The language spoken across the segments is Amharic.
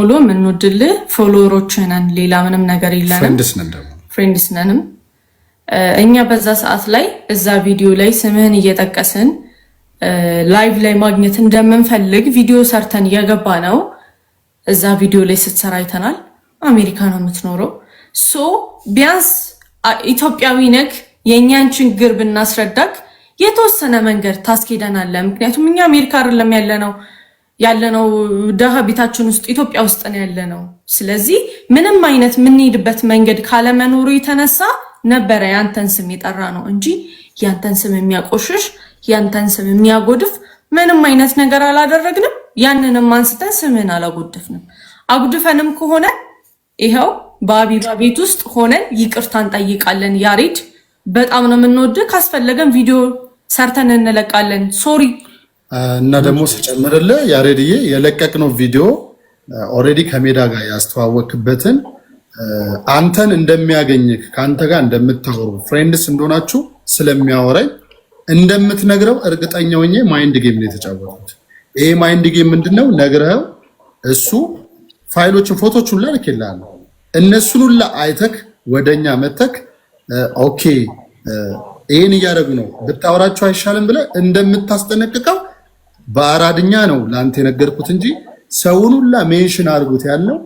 በሙሉ የምንወድልህ ፎሎወሮች ነን። ሌላ ምንም ነገር የለንም። ፍሬንድስ ነንም። እኛ በዛ ሰዓት ላይ እዛ ቪዲዮ ላይ ስምህን እየጠቀስን ላይቭ ላይ ማግኘት እንደምንፈልግ ቪዲዮ ሰርተን እየገባ ነው። እዛ ቪዲዮ ላይ ስትሰራ አይተናል። አሜሪካ ነው የምትኖረው። ሶ ቢያንስ ኢትዮጵያዊ ነክ የእኛን ችግር ብናስረዳክ የተወሰነ መንገድ ታስኬደናለ። ምክንያቱም እኛ አሜሪካ አይደለም ያለ ነው ያለነው ደሃ ቤታችን ውስጥ ኢትዮጵያ ውስጥ ነው ያለነው። ስለዚህ ምንም አይነት የምንሄድበት መንገድ ካለመኖሩ የተነሳ ነበረ ያንተን ስም የጠራ ነው እንጂ ያንተን ስም የሚያቆሽሽ ያንተን ስም የሚያጎድፍ ምንም አይነት ነገር አላደረግንም። ያንንም አንስተን ስምን አላጎድፍንም። አጉድፈንም ከሆነ ይኸው በአቢባ ቤት ውስጥ ሆነን ይቅርታ እንጠይቃለን። ያሬድ በጣም ነው የምንወድ። ካስፈለገን ቪዲዮ ሰርተን እንለቃለን። ሶሪ እና ደግሞ ስጨምርልህ ያሬድዬ የለቀቅነው ቪዲዮ ኦልሬዲ ከሜዳ ጋር ያስተዋወክበትን አንተን እንደሚያገኝህ ከአንተ ጋር እንደምታወሩ ፍሬንድስ እንደሆናችሁ ስለሚያወራኝ እንደምትነግረው እርግጠኛ ሆኜ ማይንድ ጌም ነው የተጫወቱት። ይሄ ማይንድ ጌም ምንድነው? ነግረኸው እሱ ፋይሎችን ፎቶችን ሁላ ልኬልሃለሁ። እነሱን ሁላ አይተክ ወደኛ መተክ ኦኬ ይህን እያደረጉ ነው ብታወራቸው አይሻልም ብለህ እንደምታስጠነቅቀው በአራድኛ ነው ለአንተ የነገርኩት እንጂ ሰውን ሁላ ሜንሽን አድርጉት ያለው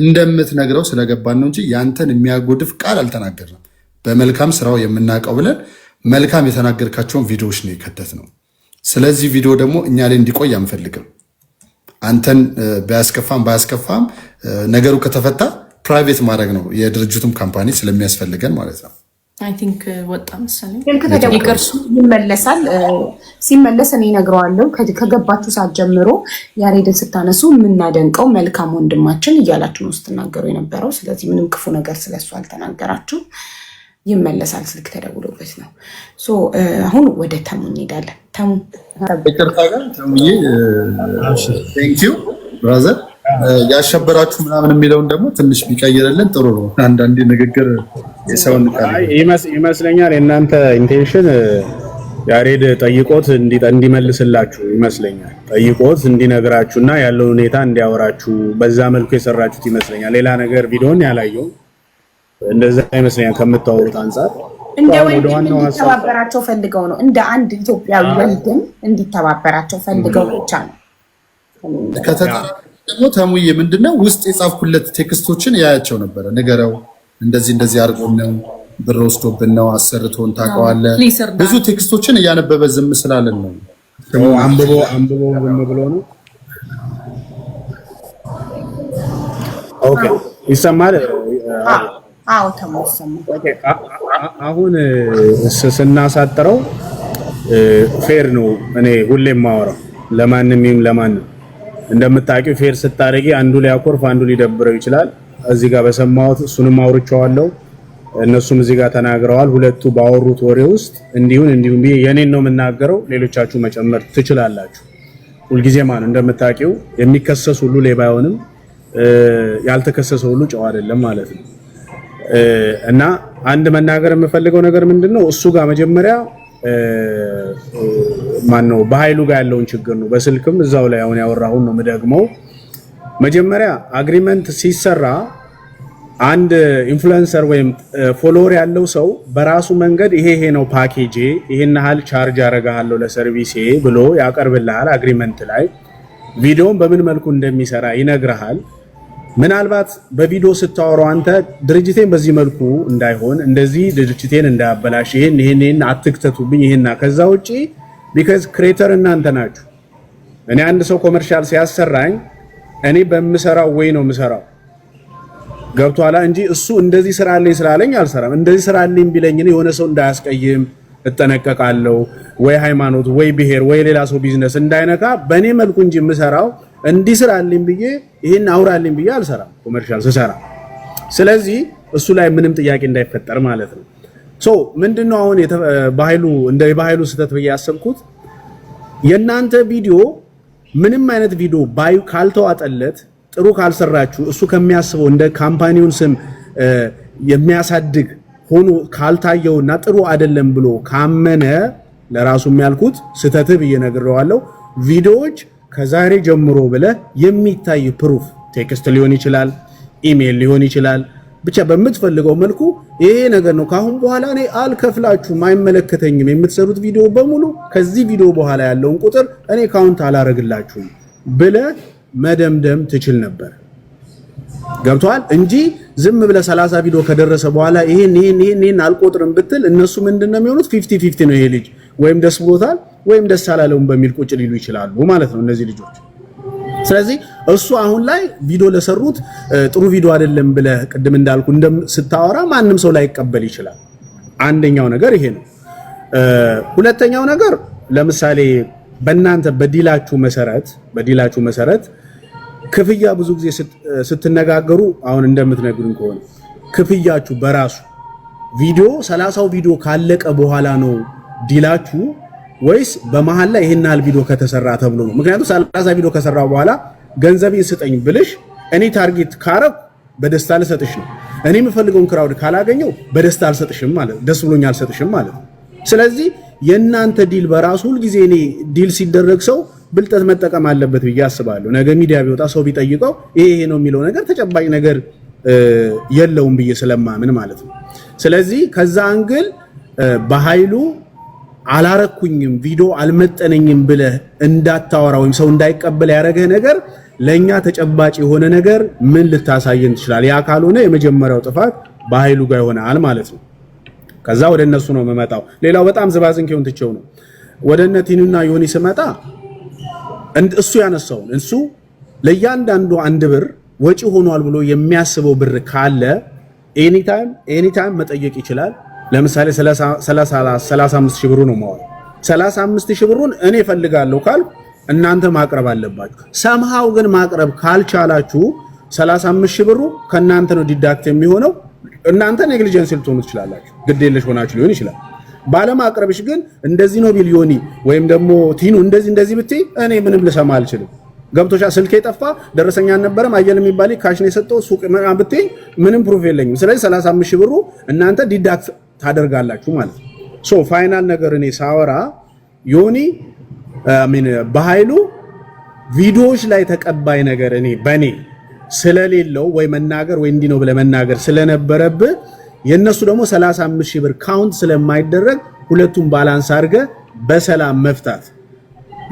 እንደምትነግረው ስለገባን ነው እንጂ ያንተን የሚያጎድፍ ቃል አልተናገርንም። በመልካም ስራው የምናውቀው ብለን መልካም የተናገርካቸውን ቪዲዮዎች ነው የከተት ነው። ስለዚህ ቪዲዮ ደግሞ እኛ ላይ እንዲቆይ አንፈልግም። አንተን ቢያስከፋም ባያስከፋም ነገሩ ከተፈታ ፕራይቬት ማድረግ ነው የድርጅቱም ካምፓኒ ስለሚያስፈልገን ማለት ነው። አይ ቲንክ uh, ወጣ መሰለኝ። ይመለሳል። uh, ሲመለስ እኔ እነግረዋለሁ። ከገባችሁ ሰዓት ጀምሮ ያሬድን ስታነሱ የምናደንቀው መልካም ወንድማችን እያላችሁ ነው ስትናገሩ የነበረው። ስለዚህ ምንም ክፉ ነገር ስለሱ አልተናገራችሁ። ይመለሳል። ስልክ ተደውሎበት ነው። uh, አሁን ወደ ተሙ እንሄዳለን። ተሙ ይቅርታ ጋር ተሙዬ፣ ብራዘር ያሸበራችሁ ምናምን የሚለውን ደግሞ ትንሽ ቢቀይርልን ጥሩ ነው። አንዳንዴ ንግግር የሰውን ይመስለኛል የእናንተ ኢንቴንሽን ያሬድ ጠይቆት እንዲመልስላችሁ ይመስለኛል። ጠይቆት እንዲነግራችሁና ያለውን ሁኔታ እንዲያወራችሁ በዛ መልኩ የሰራችሁት ይመስለኛል። ሌላ ነገር ቪዲዮን ያላየው እንደዛ ይመስለኛል። ከምታወሩት አንጻር እንደ ወንድም እንዲተባበራቸው ፈልገው ነው። እንደ አንድ ኢትዮጵያዊ ወንድም እንዲተባበራቸው ፈልገው ብቻ ነው። ከተጠራ ደግሞ ተሙዬ ምንድነው ውስጥ የጻፍኩለት ቴክስቶችን ያያቸው ነበረ ንገረው እንደዚህ እንደዚህ አድርጎን ነው ብር ወስዶብን ነው አሰርቶን ታውቀዋለህ። ብዙ ቴክስቶችን እያነበበ ዝም ስላለን ነው አንብቦ አንብቦ ዝም ብሎ ነው። ይሰማል። አሁን ስናሳጥረው ፌር ነው። እኔ ሁሌ ማወራው ለማንም ይሁን ለማንም እንደምታውቂው ፌር ስታደርጊ አንዱ ሊያኮርፍ አንዱ ሊደብረው ይችላል። እዚህ ጋር በሰማሁት እሱንም አውርቼዋለሁ። እነሱም እዚህ ጋር ተናግረዋል። ሁለቱ ባወሩት ወሬ ውስጥ እንዲሁን እንዲሁም ብዬ የኔን ነው የምናገረው። ሌሎቻችሁ መጨመር ትችላላችሁ። ሁልጊዜ ማን እንደምታውቂው የሚከሰስ ሁሉ ሌባ አይሆንም፣ ያልተከሰሰ ሁሉ ጨው አይደለም ማለት ነው። እና አንድ መናገር የምፈልገው ነገር ምንድን ነው እሱ ጋር መጀመሪያ ማን ነው በኃይሉ ጋር ያለውን ችግር ነው። በስልክም እዛው ላይ አሁን ያወራሁን ነው የምደግመው መጀመሪያ አግሪመንት ሲሰራ አንድ ኢንፍሉዌንሰር ወይም ፎሎወር ያለው ሰው በራሱ መንገድ ይሄ ይሄ ነው ፓኬጄ፣ ይሄን ያህል ቻርጅ አረጋለሁ ለሰርቪሴ ብሎ ያቀርብልሃል። አግሪመንት ላይ ቪዲዮን በምን መልኩ እንደሚሰራ ይነግርሃል። ምናልባት በቪዲዮ ስታወረው አንተ ድርጅቴን በዚህ መልኩ እንዳይሆን እንደዚህ ድርጅቴን እንዳያበላሽ ይሄን ይሄን ይሄን አትክተቱብኝ ይሄና ከዛ ውጪ ቢካዝ ክሬተር እናንተ ናችሁ። እኔ አንድ ሰው ኮመርሻል ሲያሰራኝ እኔ በምሰራው ወይ ነው የምሰራው። ገብቷላ እንጂ እሱ እንደዚህ ስራ አለኝ ስላለኝ አልሰራም። እንደዚህ ስራ አለኝ ቢለኝ የሆነ ሰው እንዳያስቀይም እጠነቀቃለሁ። ወይ ሃይማኖት፣ ወይ ብሔር፣ ወይ ሌላ ሰው ቢዝነስ እንዳይነካ በእኔ መልኩ እንጂ የምሰራው እንዲህ ስራ አለኝ ብዬ ይህን አውራልኝ ብዬ አልሰራም ኮመርሻል ስሰራ። ስለዚህ እሱ ላይ ምንም ጥያቄ እንዳይፈጠር ማለት ነው። ሶ ምንድነው አሁን የባህሉ እንደ የባህሉ ስህተት ብዬ ያሰብኩት የእናንተ ቪዲዮ ምንም አይነት ቪዲዮ ባዩ ካልተዋጠለት ጥሩ ካልሰራችሁ እሱ ከሚያስበው እንደ ካምፓኒውን ስም የሚያሳድግ ሆኖ ካልታየውና ጥሩ አይደለም ብሎ ካመነ ለራሱ የሚያልኩት ስተትህ ብዬ ነግሬዋለሁ። ቪዲዮዎች ከዛሬ ጀምሮ ብለህ የሚታይ ፕሩፍ ቴክስት ሊሆን ይችላል፣ ኢሜይል ሊሆን ይችላል ብቻ በምትፈልገው መልኩ ይሄ ነገር ነው። ካሁን በኋላ እኔ አልከፍላችሁም፣ አይመለከተኝም። የምትሰሩት ቪዲዮ በሙሉ ከዚህ ቪዲዮ በኋላ ያለውን ቁጥር እኔ ካውንት አላረግላችሁም ብለ መደምደም ትችል ነበር። ገብቷል እንጂ ዝም ብለ 30 ቪዲዮ ከደረሰ በኋላ ይሄን ይሄን ይሄን አልቆጥርም ብትል እነሱ ምንድነው የሚሆኑት? ፊፍቲ ፊፍቲ ነው። ይሄ ልጅ ወይም ደስ ብሎታል ወይም ደስ አላለውም በሚል ቁጭ ሊሉ ይችላሉ ማለት ነው እነዚህ ልጆች። ስለዚህ እሱ አሁን ላይ ቪዲዮ ለሰሩት ጥሩ ቪዲዮ አይደለም ብለ ቅድም እንዳልኩ ስታወራ ማንም ሰው ላይቀበል ይችላል። አንደኛው ነገር ይሄ ነው። ሁለተኛው ነገር ለምሳሌ በእናንተ በዲላችሁ መሰረት በዲላችሁ መሰረት ክፍያ ብዙ ጊዜ ስትነጋገሩ አሁን እንደምትነግሩን ከሆነ ክፍያችሁ በራሱ ቪዲዮ ሰላሳው ቪዲዮ ካለቀ በኋላ ነው ዲላችሁ ወይስ በመሀል ላይ ይሄን ያህል ቪዲዮ ከተሰራ ተብሎ ነው? ምክንያቱም ሰላሳ ቪዲዮ ከሰራ በኋላ ገንዘቤን ስጠኝ ብልሽ እኔ ታርጌት ካረብ በደስታ ልሰጥሽ ነው። እኔ የምፈልገውን ክራውድ ካላገኘው በደስታ አልሰጥሽም ማለት ደስ ብሎኝ አልሰጥሽም ማለት ነው። ስለዚህ የእናንተ ዲል በራሱ ሁልጊዜ እኔ ዲል ሲደረግ ሰው ብልጠት መጠቀም አለበት ብዬ አስባለሁ። ነገ ሚዲያ ቢወጣ ሰው ቢጠይቀው ይሄ ይሄ ነው የሚለው ነገር ተጨባጭ ነገር የለውም ብዬ ስለማምን ማለት ነው። ስለዚህ ከዛ አንግል በኃይሉ አላረኩኝም ቪዲዮ አልመጠነኝም ብለህ እንዳታወራ ወይም ሰው እንዳይቀበል ያደረገህ ነገር ለእኛ ተጨባጭ የሆነ ነገር ምን ልታሳየን ትችላል? ያ ካልሆነ የመጀመሪያው ጥፋት በኃይሉ ጋር ይሆናል ማለት ነው። ከዛ ወደ እነሱ ነው የምመጣው። ሌላው በጣም ዝባዝንኬውን ትቼው ነው ወደ እነ ቲኑና ዮኒ ስመጣ እሱ ያነሳውን እሱ ለእያንዳንዱ አንድ ብር ወጪ ሆኗል ብሎ የሚያስበው ብር ካለ ኤኒታይም ኤኒታይም መጠየቅ ይችላል። ለምሳሌ 35 ሺህ ብሩ ነው ማለት 35 ሺህ ብሩን እኔ ፈልጋለሁ ካል እናንተ ማቅረብ አለባችሁ። ሰምሃው ግን ማቅረብ ካልቻላችሁ 35 ሺህ ብሩ ከእናንተ ነው ዲዳክት የሚሆነው። እናንተ ኔግሊጀንስ ልትሆኑ ትችላላችሁ፣ ግዴለሽ ሆናችሁ ሊሆን ይችላል። ባለማቅረብሽ ግን እንደዚህ ነው ቢሊዮኒ ወይም ደግሞ ቲኑ እንደዚህ እንደዚህ ብትይ እኔ ምንም ልሰማ አልችልም። ገብቶሻ ስልኬ ጠፋ፣ ደረሰኛ አልነበረም፣ አየል የሚባል ካሽን የሰጠው ሱቅ ብትይ ምንም ፕሩፍ የለኝም። ስለዚህ 35 ሺህ ብሩ እናንተ ዲዳክት ታደርጋላችሁ ማለት ነው። ሶ ፋይናል ነገር እኔ ሳወራ ዮኒ በኃይሉ ቪዲዮዎች ላይ ተቀባይ ነገር እኔ በእኔ ስለሌለው ወይ መናገር ወይ እንዲህ ነው ብለህ መናገር ስለነበረብህ የእነሱ ደግሞ 35 ሺህ ብር ካውንት ስለማይደረግ ሁለቱም ባላንስ አድርገህ በሰላም መፍታት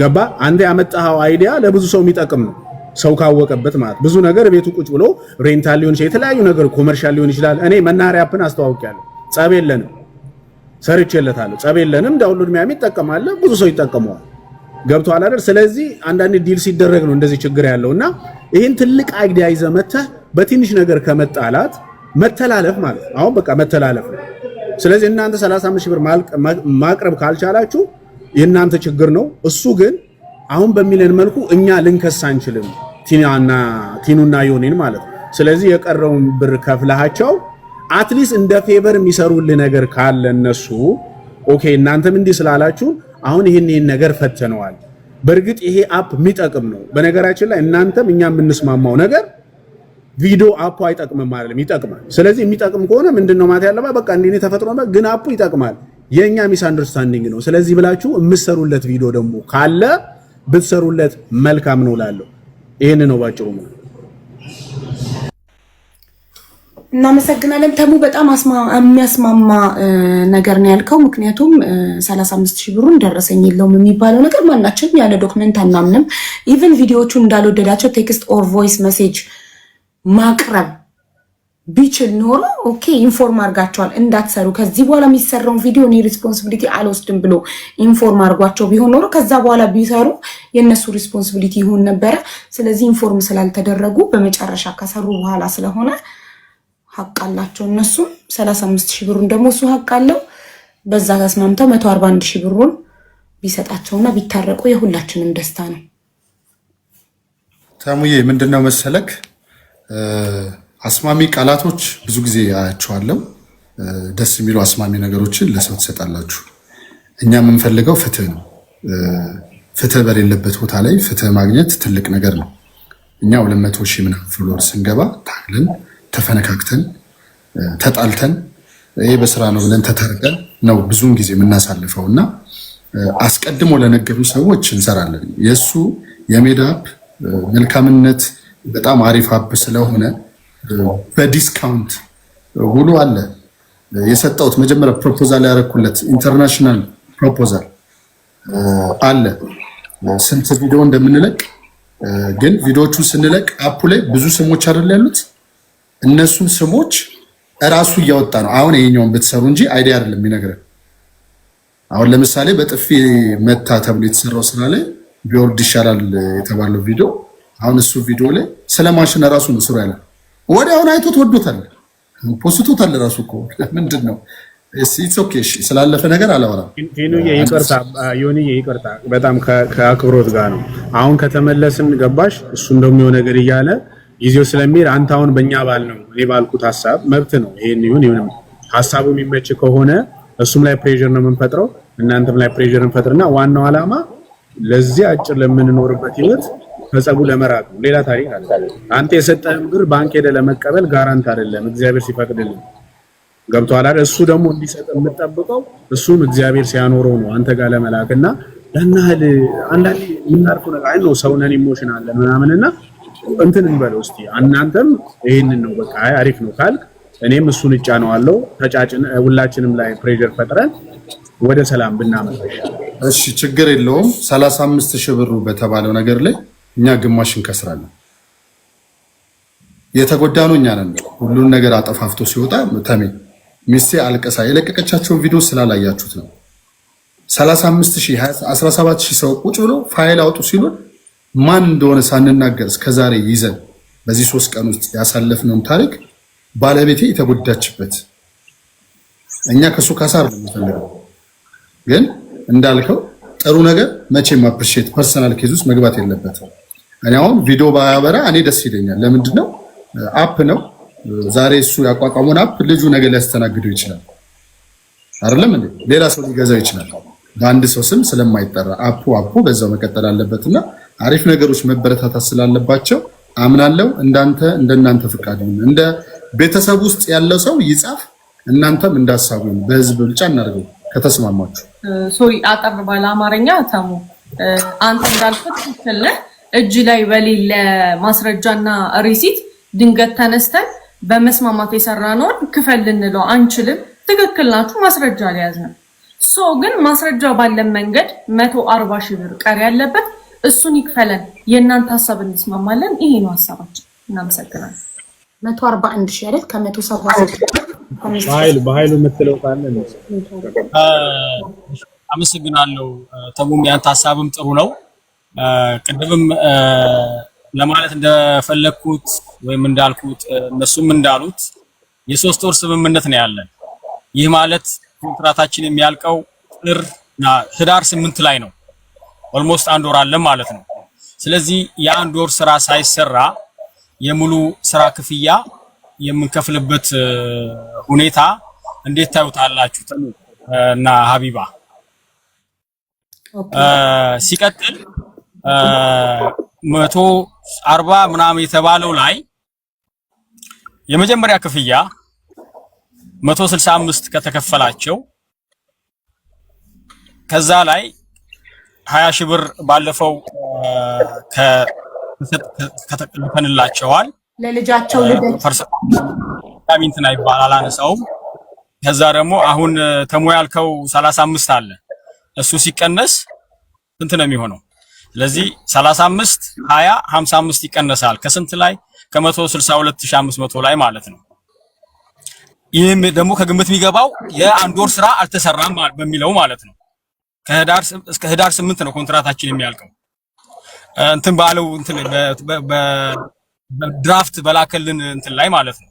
ገባ። አንተ ያመጣኸው አይዲያ ለብዙ ሰው የሚጠቅም ነው፣ ሰው ካወቀበት ማለት ብዙ ነገር ቤቱ ቁጭ ብሎ ሬንታል ሊሆን ይችላል፣ የተለያዩ ነገር ኮመርሻል ሊሆን ይችላል። እኔ መናኸሪያ አፕን አስተዋውቂያለሁ ጸብ የለንም። ሰርቼለታለሁ። ጸብ የለንም። ዳውንሎድ ሚያሚ ይጠቀማል፣ ብዙ ሰው ይጠቀመዋል። ገብቶሃል አይደል? ስለዚህ አንዳንድ ዲል ሲደረግ ነው እንደዚህ ችግር ያለው እና ይህን ትልቅ አይዲያ ይዘህ መተህ በትንሽ ነገር ከመጣላት መተላለፍ ማለት አሁን በቃ መተላለፍ ነው። ስለዚህ እናንተ 35 ሺህ ብር ማቅረብ ካልቻላችሁ የእናንተ ችግር ነው። እሱ ግን አሁን በሚለን መልኩ እኛ ልንከስ አንችልም፣ ቲኑና ዮኔን ማለት ነው። ስለዚህ የቀረውን ብር ከፍለሃቸው አትሊስት እንደ ፌቨር የሚሰሩል ነገር ካለ እነሱ ኦኬ፣ እናንተም እንዲህ ስላላችሁ አሁን ይህን ይህን ነገር ፈትነዋል። በእርግጥ ይሄ አፕ የሚጠቅም ነው። በነገራችን ላይ እናንተም እኛ የምንስማማው ነገር ቪዲዮ አፑ አይጠቅምም አይደለም፣ ይጠቅማል። ስለዚህ የሚጠቅም ከሆነ ምንድነው ማለት ያለባ በቃ እንዲህ ተፈጥሮ ግን አፑ ይጠቅማል። የእኛ ሚስ አንደርስታንዲንግ ነው። ስለዚህ ብላችሁ የምትሰሩለት ቪዲዮ ደግሞ ካለ ብትሰሩለት መልካም ነው ላለው ይህን ነው ባጭሩ። እናመሰግናለን ተሙ። በጣም የሚያስማማ ነገር ነው ያልከው። ምክንያቱም 35 ሺህ ብሩን ደረሰኝ የለውም የሚባለው ነገር ማናችንም ያለ ዶክመንት አናምንም። ኢቨን ቪዲዮዎቹ እንዳልወደዳቸው ቴክስት ኦር ቮይስ መሴጅ ማቅረብ ቢችል ኖሮ ኦኬ ኢንፎርም አድርጋቸዋል እንዳትሰሩ ከዚህ በኋላ የሚሰራውን ቪዲዮ እኔ ሪስፖንሲቢሊቲ አልወስድም ብሎ ኢንፎርም አድርጓቸው ቢሆን ኖሮ ከዛ በኋላ ቢሰሩ የእነሱ ሪስፖንሲቢሊቲ ይሆን ነበረ። ስለዚህ ኢንፎርም ስላልተደረጉ በመጨረሻ ከሰሩ በኋላ ስለሆነ ሀቅ አላቸው እነሱም ሰላሳ አምስት ሺህ ብሩን ደግሞ እሱ ሀቅ አለው። በዛ ተስማምተው መቶ አርባ ሺህ ብሩን ቢሰጣቸውና ቢታረቁ የሁላችንም ደስታ ነው። ታሙዬ ምንድነው መሰለክ አስማሚ ቃላቶች ብዙ ጊዜ አያቸዋለሁ። ደስ የሚሉ አስማሚ ነገሮችን ለሰው ትሰጣላችሁ። እኛ የምንፈልገው ፍትህ ነው። ፍትህ በሌለበት ቦታ ላይ ፍትህ ማግኘት ትልቅ ነገር ነው። እኛ ሁለት መቶ ሺህ ምናምን ፍሎር ስንገባ ታግለን ተፈነካክተን ተጣልተን ይሄ በስራ ነው ብለን ተታርቀን ነው ብዙውን ጊዜ የምናሳልፈው እና አስቀድሞ ለነገሩ ሰዎች እንሰራለን። የእሱ የሜዳ አፕ መልካምነት በጣም አሪፍ አፕ ስለሆነ በዲስካውንት ውሉ አለ የሰጠውት መጀመሪያ ፕሮፖዛል ያደረኩለት ኢንተርናሽናል ፕሮፖዛል አለ ስንት ቪዲዮ እንደምንለቅ ግን ቪዲዮቹን ስንለቅ አፑ ላይ ብዙ ስሞች አይደል ያሉት እነሱን ስሞች እራሱ እያወጣ ነው። አሁን ይሄኛውን ብትሰሩ እንጂ አይዲያ አይደለም የሚነግረን። አሁን ለምሳሌ በጥፊ መታ ተብሎ የተሰራው ስራ ላይ ቢወርድ ይሻላል የተባለው ቪዲዮ አሁን እሱ ቪዲዮ ላይ ስለ ማሽን ራሱ ነው ስሩ ያለ አሁን አይቶት ወዶታል፣ ፖስቶታል። ራሱ እኮ ምንድን ነው ስላለፈ ነገር አላወራም። ዮኒ፣ ይቅርታ፣ በጣም ከአክብሮት ጋር ነው። አሁን ከተመለስን ገባሽ እሱ እንደሚሆን ነገር እያለ ጊዜው ስለሚሄድ አንተ አሁን በእኛ ባል ነው እኔ ባልኩት ሀሳብ መብት ነው። ይሄን ይሁን ይሁን ሀሳቡ የሚመች ከሆነ እሱም ላይ ፕሬዥር ነው የምንፈጥረው፣ እናንተም ላይ ፕሬዥር እንፈጥርና ዋናው ዓላማ ለዚህ አጭር ለምንኖርበት ህይወት ከጸቡ ለመራቅ ነው። ሌላ ታሪክ አለ። አንተ የሰጠህን ብር ባንክ ሄደ ለመቀበል ጋራንት አይደለም፣ እግዚአብሔር ሲፈቅድልን ገብቶሃል እሱ ደግሞ እንዲሰጥ የምጠብቀው እሱም እግዚአብሔር ሲያኖረው ነው አንተ ጋር ለመላክ እና ለናህል አንዳንድ የምናርፉ ነገር አይ ነው ሰውነን ኢሞሽን አለን ምናምንና እንትን እንበለው እስቲ እናንተም ይህንን ነው በቃ አሪፍ ነው ካልክ እኔም እሱን እጫ ነው አለው ተጫጭን ሁላችንም ላይ ፕሬዠር ፈጥረን ወደ ሰላም ብናመጣ እሺ ችግር የለውም። 35 ሺህ ብሩ በተባለው ነገር ላይ እኛ ግማሽ እንከስራለን። የተጎዳ ነው እኛ ነን። ሁሉን ነገር አጠፋፍቶ ሲወጣ ተሜ ሚስቴ አልቀሳ የለቀቀቻቸውን ቪዲዮ ስላላያችሁት ነው። 35 17 ሺህ ሰው ቁጭ ብሎ ፋይል አውጡ ሲሉን ማን እንደሆነ ሳንናገር እስከዛሬ ይዘን በዚህ ሶስት ቀን ውስጥ ያሳለፍነውን ታሪክ ባለቤቴ የተጎዳችበት እኛ ከሱ ነው የሚፈልገው። ግን እንዳልከው ጥሩ ነገር መቼም አፕሪሼት ፐርሰናል ኬዝ ውስጥ መግባት የለበትም። እኔ አሁን ቪዲዮ ባያበራ እኔ ደስ ይለኛል። ለምንድን ነው አፕ ነው ዛሬ እሱ ያቋቋመውን አፕ ልጁ ነገር ሊያስተናግደው ይችላል። አይደለም እንዴ ሌላ ሰው ሊገዛው ይችላል። በአንድ ሰው ስም ስለማይጠራ አፑ አፑ በዛው መቀጠል አለበትና አሪፍ ነገሮች መበረታታት ስላለባቸው አምናለሁ። እንዳንተ እንደናንተ ፈቃድ እንደ ቤተሰብ ውስጥ ያለው ሰው ይጻፍ፣ እናንተም እንዳሳቡ በህዝብ ብልጫ እናድርገው ከተስማማችሁ። ሶሪ አጠር ባለ አማርኛ ታሙ አንተ እንዳልኩት ትክክል፣ እጅ ላይ በሌለ ማስረጃና ሪሲት ድንገት ተነስተን በመስማማት የሰራነውን ክፈል ልንለው አንችልም። ትክክል ናችሁ። ማስረጃ አልያዝንም። ሶ ግን ማስረጃ ባለን መንገድ መቶ አርባ ሺህ ብር ቀሪ ያለበት እሱን ይክፈለን። የእናንተ ሀሳብ እንስማማለን። ይሄ ነው ሀሳባችን። እናመሰግናለን። መቶ አርባ አንድ ሺ አይደል? ከመቶ ሰባ በሀይሉ በኃይሉ የምትለው ካለ አመሰግናለሁ። ተሙም ያንተ ሀሳብም ጥሩ ነው። ቅድምም ለማለት እንደፈለግኩት ወይም እንዳልኩት እነሱም እንዳሉት የሶስት ወር ስምምነት ነው ያለን። ይህ ማለት ኮንትራታችን የሚያልቀው ጥር ህዳር ስምንት ላይ ነው። ኦልሞስት አንድ ወር አለን ማለት ነው። ስለዚህ የአንድ ወር ስራ ሳይሰራ የሙሉ ስራ ክፍያ የምንከፍልበት ሁኔታ እንዴት ታዩታላችሁ? እና ሀቢባ ሲቀጥል መቶ አርባ ምናምን የተባለው ላይ የመጀመሪያ ክፍያ መቶ ከተከፈላቸው ከዛ ላይ ሀያ ሺህ ብር ባለፈው ከተልከንላቸዋል ለልጃቸው ልደትሚንትና ይባል አላነሳውም። ከዛ ደግሞ አሁን ተሞ ያልከው ሰላሳ አምስት አለ እሱ ሲቀነስ ስንት ነው የሚሆነው? ስለዚህ ሰላሳ አምስት ሀያ ሀምሳ አምስት ይቀነሳል ከስንት ላይ ከመቶ ስልሳ ሁለት ሺህ አምስት መቶ ላይ ማለት ነው። ይህም ደግሞ ከግምት የሚገባው የአንድ ወር ስራ አልተሰራም በሚለው ማለት ነው። ከህዳር እስከ ህዳር ስምንት ነው ኮንትራታችን የሚያልቀው። እንትን ባለው እንትን በድራፍት በላከልን እንትን ላይ ማለት ነው